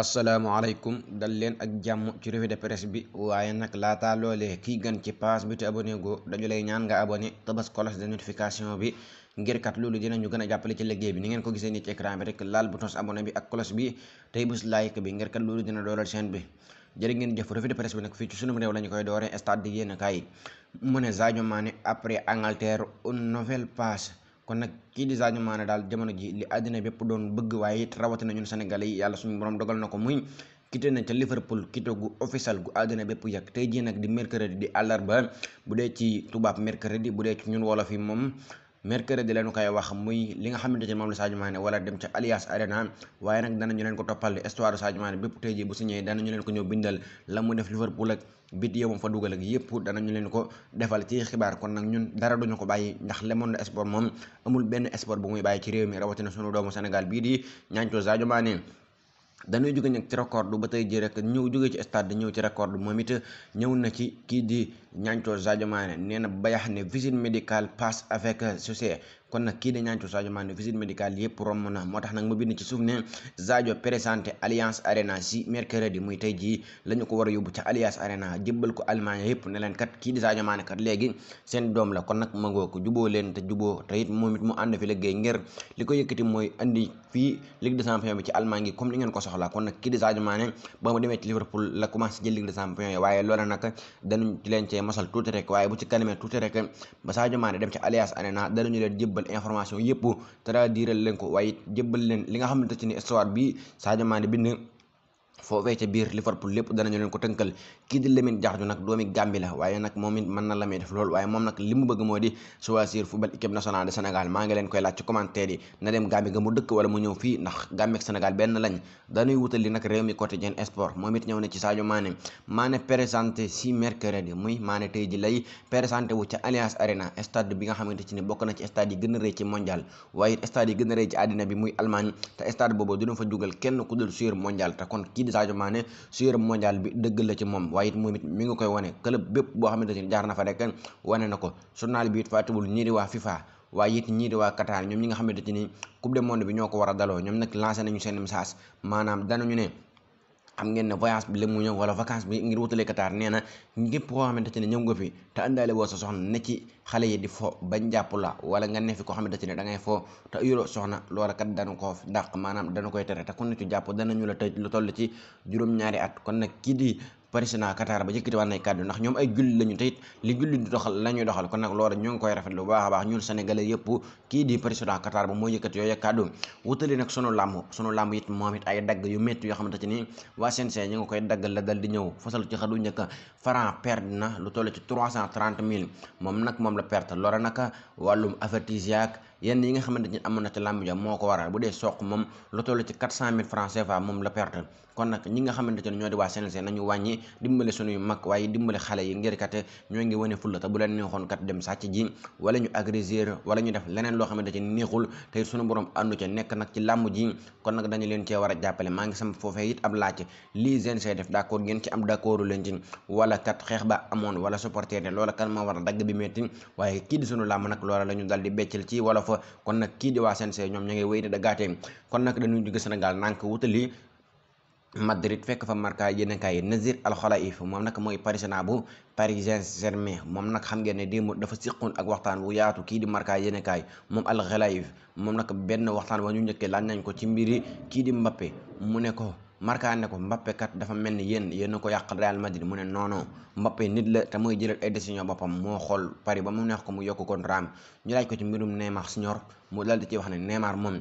asalaamaaleykum dal leen ak jàmm ci revue de bi waaye nag laataa loolee kii gën ci page bi te abonné go dañu lay ñaan nga abonné tabas cloche de notification bi ngir loolu dinañu gën a jàppale ci liggéey bi ni ngeen ko gisee nii ci écran bi rek laal bouton abonné bi ak cloche bi tey bés like bi ngir loolu dina doolal chaîne bi jërë ngeen jëf revue de bi nag fii ci sunu réew la koy dooree stade di a kaay mu ne Sadio après Angleterre kon nag kii di Sadio Mané daal jamono ji li àddina bépp doon bëgg waaye it rawatina ñun Sénégalais yi yàlla suñu borom dogal na ko muy quitté na ca Liverpool quitté gu officiel gu àddina bépp yàgg tey jii nag di mercredi di àllarba bu dee ci tubaab mercredi bu dee ci ñun wolof yi moom mercredi leen koy wax muy li nga xamante ne moom la Sadio Mané wala dem ca Allianz Arena waaye nag danañu leen ko toppal histoire Sadio Mané bépp tey ji bu signé danañu leen ko ñëw bindal la def Liverpool leen ko defal ci xibaar kon nag ñun dara duñu ko bàyyi ndax Le Monde Sport moom amul benn sport bu muy bàyyi ci réew mi rawatina sunu doomu Sénégal bii di ñaancoo Sadio Mané dañuy jóge nag ci record ba tey ji rek ñëw jóge ci stade ñëw ci record moom it ñëw na ci kii di ñancoo Sadio Mané nee na bayax ne visite médicale passe avec succès kon nag kii de ñancoo Sadio Mané visite médicale yëpp romb na moo tax nag mu bind ci suuf ne Sadio présenté Allianz Arena si mercredi muy tey jii la ñu ko war a yóbbu ca Allianz Arena jébbal ko Allemagne yëpp ne leen kat kii di Sadio ko juboo leen te juboo te it moom it mu ànd fi liggéey ngir li ko yëkkati bi ci Allemagne gi comme ni ngeen ko soxla kon nag kii di masal tuuti waaye bu ci kanamee tuuti ba Sadio Mané dem ci Allianz Arena danañu leen jébbal information yëpp te diiral leen ko waaye jébbal leen li nga xamante ci ni histoire bi Sadio Mané bind foofee ca biir Liverpool lépp danañu leen ko tënkal kii di Lamine Jarju nag doomi Gàmbi la waaye nag moom it mën na la muy def lool waaye moom nag li mu bëgg moo di choisir football équipe nationale de maa ngi leen koy laaj ci commentaire yi na dem Gàmbi nga mu dëkk wala mu ñëw fii ndax Gàmbi ak benn lañ dañuy wutali nag réew mi quotidien sport moom it ñëw na ci Sadio Mané Mané présenté si mercredi muy Mané tey ji lay présenté Sadio Mané sur bi dëgg la ci moom waaye it moom it mi ngi koy wane club bépp boo xamante ne jaar na fa rek wane na ko journal bi it fàttewul ñii di waa FIFA waaye it ñii di waa Qatar ñoom ñi nga xamante ne nii coupe du bi ñoo ko war daloo ñoom nag lancé nañu seen message maanaam danañu ne xam ngeen ne voyage bi la mu ñëw wala vacance bi ngir wutale Qatar nee na ñëpp koo xamante ne ñëw nga fi te àndaale woo sa soxna ne ci xale yi di fo bañ jàpp la wala nga ne fi koo xamante ne da ngay fo te yuroo soxna loola kat danu ko dàq maanaam danu koy tere te ku ne ci jàpp danañu la tëj lu toll ci juróom-ñaari at kon nag kii président Qatar ba yëkkati waan nay kàddu ndax ñoom ay julli lañu te li julli di doxal la doxal kon nag loolu ñu ngi koy rafet lu baax a baax ñun sénégalais yëpp kii di président Qatar ba moo yëkkati yooyu kàddu wutali nag sunu làmb sunu làmb it moom it ay dagg yu métti yoo xamante ci ni waa CNG ñu ngi koy dagg la dal di ñëw fasal ci xadu njëkk franc perte na lu toll ci trois cent trente mille moom nag moom la perte loola nag wàllum avertise yaak yenn yi nga xamante ni amoon na ci làmb ja moo ko waral nag loo xamante ni neexul te sunu borom àndu ca nekk nag ci làmb ji kon nag dañu leen cee war a jàppale maa ngi sama foofee it ab laaj lii CNG def d'accord ngeen ci am d'accordu leen ci wala kat xeex ba amoon wala supporter loola kan ma war a dagg bi metti waaye kii di sunu làmb nag loola la dal di beccal ci wala fa kon nag kii di waa CNG ñoom ña ngay wéy di dagaatee kon nag dañuy jóge Sénégal nànk wutali Madrid fekk fa marka yéenekaay yi Nasir Al Khelaïf moom nag mooy parisien bu Paris Saint-Germain moom nag xam ngeen ne démb dafa siqoon ak waxtaan wu yaatu kii di marka yéenekaay moom Al Khelaïf moom nag benn waxtaan wa ñu njëkkee laaj nañ ko ci mbiri kii di Mbappé mu ne ko Marca ne ko Mbappé kat dafa mel ni yéen yéen a ko yàqal Real Madrid mu ne non mbappe Mbappé nit la te mooy jëlal ay décision boppam moo xool Paris ba mu neex ko mu yokk kon raam ñu laaj ko ci mbirum si ñor mu dal di ci wax ne Neymar moom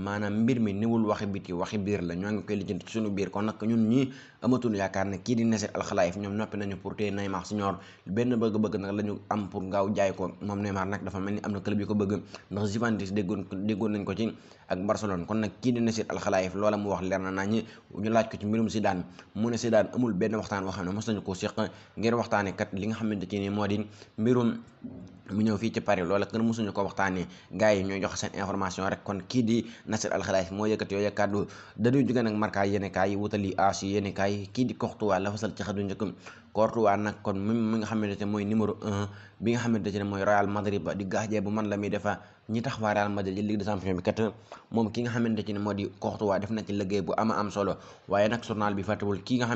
maanaam mbir mi niwul waxi biti waxi biir la ñoo ngi koy lijjanti ci suñu biir kon nag ñun ñii amatul yaakaar ne kii di Nasser Al Khelaifi ñoom noppi nañu pour téye Neymar Senior benn bëgg-bëgg nag la ñu am pour ngaaw jaay ko moom Neymar nag dafa mel ni am na club ko bëgg ndax Juventus déggoon déggoon nañ ko ci ak Barcelone kon nag kii di Nasser Al Khelaifi loola mu wax leer na naa ñi ñu laaj ko ci mbirum Zidane mu ne Zidane amul benn waxtaan boo xam ne mos nañu koo séq ngir waxtaane kat li nga xamante ci ni moo di mbirum mu ñëw fii ci Paris loola kenn mësuñu ko waxtaanee gars yi ñooy jox seen information rek kon kii di Nasser Al Khelaifi moo yëkkati yooyu kàddu dañuy jóge nag marka yéenekaay yi wutali aas yéenekaay yi kii di Courtois la fasal ci xadu njëkkam Courtois nag kon mi mi nga xamante ne mooy numéro un bi nga xamante ne mooy Real Madrid ba di gardien bu man la muy defa ñi tax waa Real Madrid di liggéey bu ama am solo waaye nag journal bi fàttewul ki nga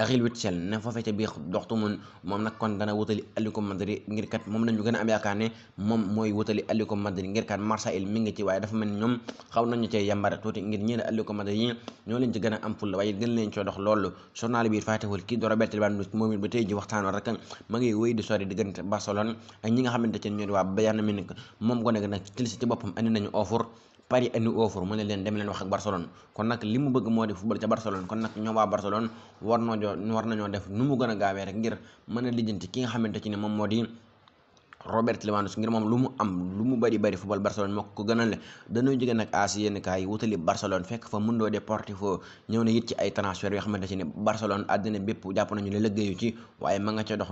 Ariel Witzel ne foofee ca biir doxtu mun moom nag kon dana wutali Atlético Madrid ngir kat moom a am yaakaar ne mooy wutali Atlético Madrid ngir kat Marseille mi ngi ci waaye dafa mel ni ñoom xaw nañu cee yambare tuuti ngir ñii ne Atlético ñoo leen ci gën a am ful waaye gën leen coo dox loolu journal biir faatewul kii do Roberto Lewandowski moom ba tey ji waxtaanoo rek ma ngi wéy di sori diggante Barcelone ak ñi nga xamante ci ñoo di waa Bayern Munich moom gone gi Paris indi offre mu ne leen dem leen wax ak Barcelone kon nag li mu bëgg moo di football ca Barcelone kon nag ñoom waa Barcelone war nañoo war nañoo def nu mu gën a gaawee rek ngir mën a lijjanti ki nga xamante ci ne moom moo di Robert Lewandowski ngir moom lu mu am lu mu bari bari football Barcelone moo ko gënal dañoo jóge nag as yenn kaay wutali Barcelone fekk fa Mundo Deportivo ñëw na it ne Barcelone ci waaye ma nga xam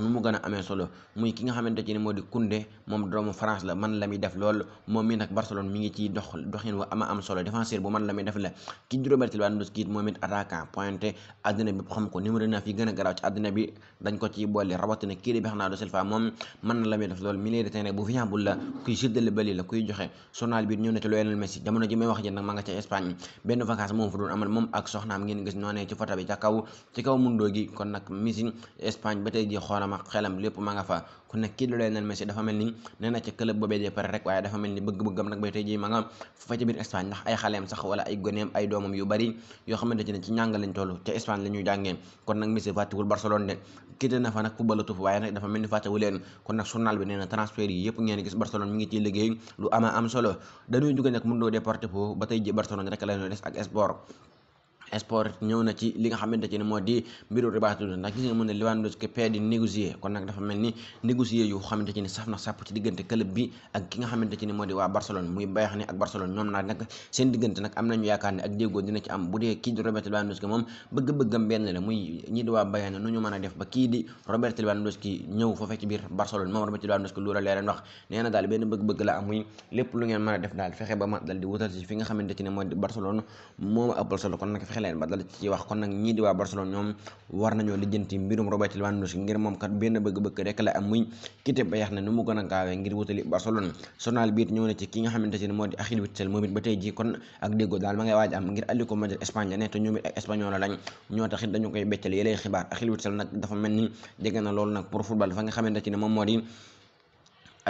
ko numéro 9 yi gën garaaw ci àddina bi dañ ko ciy boole rawatina kii di Bernardo Silva moom mën na la muy def lool milieu de terrain bu la kuy séddale bali la kuy joxe sonal bi ñëw na ci Lionel Messi jamono ji may wax ji nag nga ca Espagne benn vacance moom fa doon amal moom ak soxnaam ngeen gis noonee ci photo bi ca kaw ci kaw mundoo gi kon nag Messi Espagne ba tey ji xoolam ak xelam lépp ma nga fa kon nag kii di Lionel Messi dafa mel ni nee na ca club boobee de pare rek waaye dafa mel ni bëgg-bëggam nag bay tey ji ma fa ca biir Espagne ndax ay xaleem sax wala ay goneem ay doomam yu bari yoo xamante ne ci ñàng lañ toll ca Espagne la ñuy jàngee kon nag Messi fàttewul Barcelone de quitté na fa nag fubalatu fa waaye nag dafa mel ni fàttewu leen kon nag journal bi nee na transfert yi yëpp ngeen gis Barcelone mi ngi ciy liggéey lu ama am solo dañuy jóge nag Mundo Deportivo ba sport ñëw na ci li nga xamante ci ne moo di mbiru Rebatou Ndour ndax gis nga mu ne Lewandowski pee di négocier kon nag dafa mel ni négocier yu xamante ci ne saf na sàpp ci diggante club bi ak ki nga xamante ci ne di waa Barcelone ni nu ñu mën a def ba kii di Robert Lewandowski ñëw foofee ci biir Barcelone moom Robert Lewandowski lu la na daal benn bëgg-bëgg la am muy lépp lu ngeen mën a def daal fexe ba ma dal di wutal si fi nga xamante ci ne moo di Barcelone mooma ëppal solo kon nag fexe xeleen ba dal ci wax kon nag ñii di waa Barcelone ñoom war nañoo lijjanti mbirum Robert Lewandowski ngir moom kat benn bëgg-bëgg rek la am muy quitté Bayern ne nu mu gën a gaawee ngir wutali Barcelone journal Espagne la ne ñoom it ak espagnol lañ ñoo tax dañu koy béccal yëlay xibaar Axel Witsel nag dafa mel ni jege na loolu nag pour football fa nga xamante ne moom moo di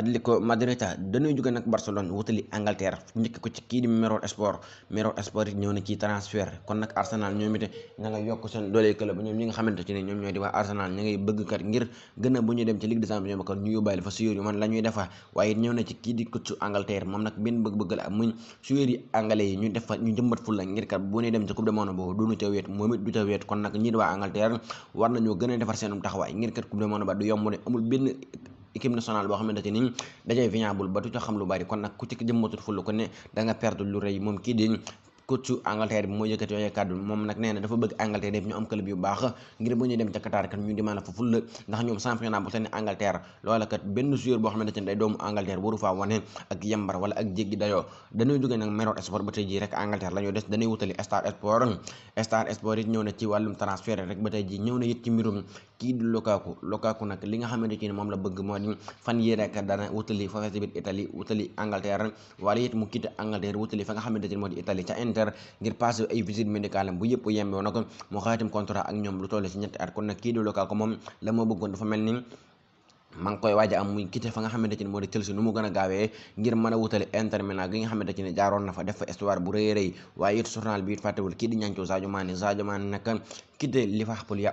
Atlético Madrid dañuy jóge nag Barcelone wutali Angleterre njëkk ko ci kii di Mirror Sport Mirror Sport it ñëw na ci transfert kon nag Arsenal ñoom ña nga yokk seen doole club bu ñu dem ci Ligue des Champions ba kat fa suyéer yu man la ñuy waaye ñëw na ci kii di coach Angleterre moom nag benn bëgg-bëgg la muy suyéer yi anglais yi ñu def ñu jëmbat ful ngir kat bu ñuy dem ci coupe du monde boobu duñu ca weet moom it du ca weet kon nag ñi équipe nationale boo xam ne dañuy vignable ba du ca xam lu bari kon nag ku ci jëmmatul ful ko ne da nga perdre lu rëy moom kii di coach Angleterre bi moo yëkkati yooyu kàddu moom nag nee dafa bëgg Angleterre yëpp ñu am club yu baax ngir bu ñuy dem ca Qatar ñu demande fa fulla ndax ñoom championnat bu seen Angleterre loola kat benn joueur boo xamante ne day doomu Angleterre waru faa wane ak yambar wala ak jéggi dayoo dañuy jógee nag Meroot Sport ba tey jii rek Angleterre la des dañuy wutali Star Sport Star Sport it ñëw na ci wàllum transfert rek ba tey jii ñëw ne moom ci Sénégal ngir passé ay visite médicale am bu yëpp yemee woon nag xaatim contrat ak ñoom lu ci ñetti at kon nag kii di local ko moom la moo bëggoon maa ngi koy waaj am muy quitté fa nga xamante ci ne moo di Chelsea nu mu gën a gaawee ngir mën a wutali Inter Milan gi nga xamante ne jaaroon na fa def fa histoire bu rëy rëy waaye it journal bi it nag quitté Liverpool ya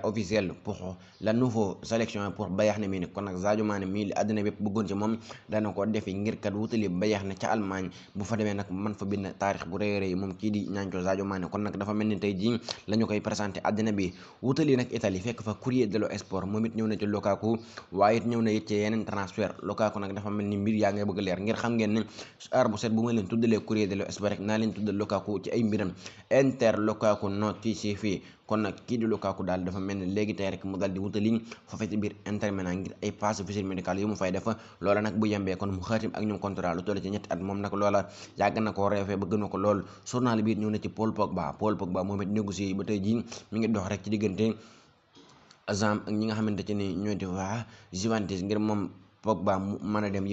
ne mii kon nag Sadio Mané mii li àddina bépp bëggoon ci moom dana ko defi ngir kat wutali Bayern ne ca Allemagne bu fa demee nag man fa bind taarix bu rëy rëy moom kii di ñancoo Sadio Mané kon nag dafa mel ni tey jii la ñu koy présenté àddina bi wutali nag Italie fekk fa Corriere dello Sport moom it ñëw na ci Lukaku waaye it ñëw na it ci yeneen transfert Lukaku nag dafa mel ni mbir yaa ngay bëgg leer ngir xam ngeen ne heure bu set bu ma leen tuddalee Corriere dello Sport naa leen tuddal Lukaku ci ay mbiram Inter Lukaku notifié fii kon nag kii di Lukaku daal dafa mel ni léegi tey rek mu daal di wutali foofee ci biir Inter Milan ngir ay passe visite médicale yu mu fay def loola nag bu yembee kon mu xaatim ak ñoom contrat lu toll ci ñetti at moom nag loola yàgg gën a na ci Azam ak ñi nga xamante ci ni ñoo di waa ngir moom Pogba mu mën a dem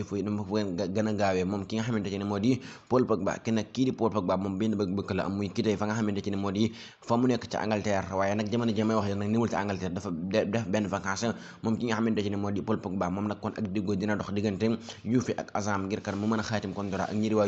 moom nag kon ak diggoo dina dox diggante Juve ak Azam mu mën a xaatim contrat ak ñëri waa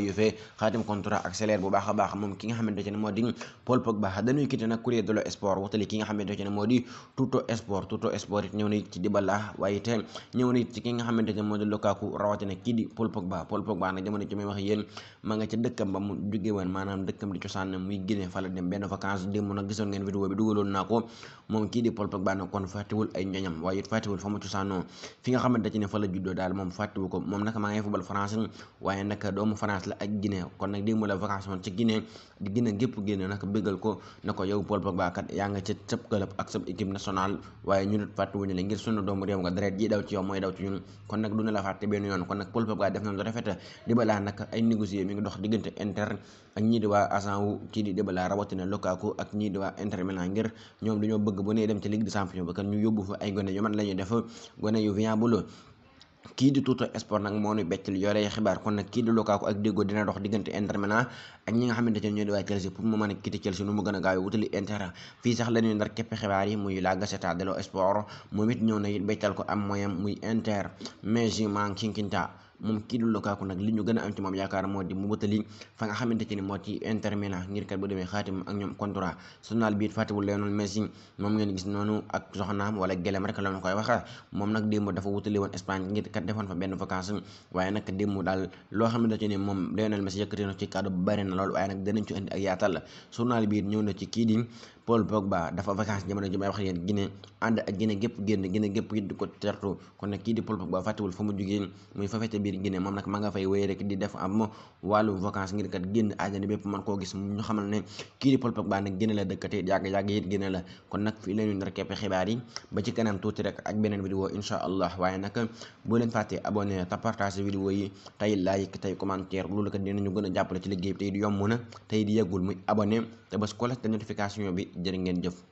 xaatim contrat ak salaire bu baax a baax moom ki nga xamante ci ne moo di Paul Pogba dañuy kite nag Corriere dello Sport wutali ki nga xamante ci ne moo di Tuttosport Tuttosport it ñëw na it ci Dybala waaye it ñëw na it ci ki nga xamante xamante ne moo di Lukaku rawatina kii di Paul Pogba Paul Pogba nag jamono ci may wax yéen ma nga ca dëkkam ba mu jóge woon maanaam dëkkam di cosaan muy Guinée fa la dem benn vacance démb nag gisoon ngeen vidéo bi dugaloon naa ko moom kii di Paul Pogba nag kon fàttewul ay njoñam waaye it fàttewul fa mu cosaanoo fi nga xamante ne fa la juddoo daal moom fàttewu ko moom nag maa ngay football France waaye nag doomu France la ak Guinée kon nag démb la di gën a gépp génne bëggal ko na ko yow Paul Pogba kat yaa nga ca sab club ak sab équipe nationale waaye ñu nit fàtte wuñu la nga deret ji daw ci yow mooy daw ci ñun kon nag duna la fàtte benn yoon kon nag Paul Pogba def na lu rafet Dybala nag ay négocier mi ngi dox diggante Inter ak ñii di waa wu kii di Dybala rawatina Lukaku ak ñii di waa Inter Milan ngir ñoom dañoo bëgg bu nee dem ci Ligue des Champions ba kan ñu yóbbu fa ay gone yu man la ñuy def gone yu viable kii di Tuto Sport nag moo ñu beccel yore xibaar kon nag kii di Lukaku ak Diego dina dox diggante Inter Milan ak ñi nga xamante ne ñoo di waa Chelsea pour mu mën a quitter Chelsea nu mu gën a gaaw wutali Inter fii sax la ñuy ndar képp xibaar yi muy La Gazzetta dello Sport moom it ñëw na beccal ko am moyen muy Inter mais ji man Kinkita moom kii di Lukaku nag li ñu gën a am ci moom yaakaar moo di mu wëtali fa nga xamante ci ni moo ci Inter Milan ngir kat bu demee xaatim ak ñoom contrat journal bi it fàttewul Lionel Messi moom ngeen gis noonu ak soxnaam wala gelem rek la ñu koy waxa moom nag démb dafa wutali woon Espagne ngir kat defoon fa benn vacance waaye nag démb daal loo xamante ci ni moom Lionel Messi yëkkati na ci kàddu bu bari na lool waaye nag danañ ci indi ak yaatal journal bi it ñëw na ci kii di Paul Pogba dafa vacances jamono ji may wax yéen Guinée ànd ak Guinée gépp génn Guinée gépp it di ko tertu kon nag kii di Paul Pogba fàttewul fa mu jógee muy fa fete biir Guinée moom nag ma nga fay wéy rek di def am wàllu vacances ngir génn àddina bépp mën koo gis ñu xamal ne kii di Paul Pogba nag Guinée la dëkk te yàgg-yàgg it Guinée la kon nag fii leen ñu nar képp xibaar yi ba ci kanam tuuti rek ak beneen vidéo incha allah waaye te bés ko la te notification bi jërë ngeen jëf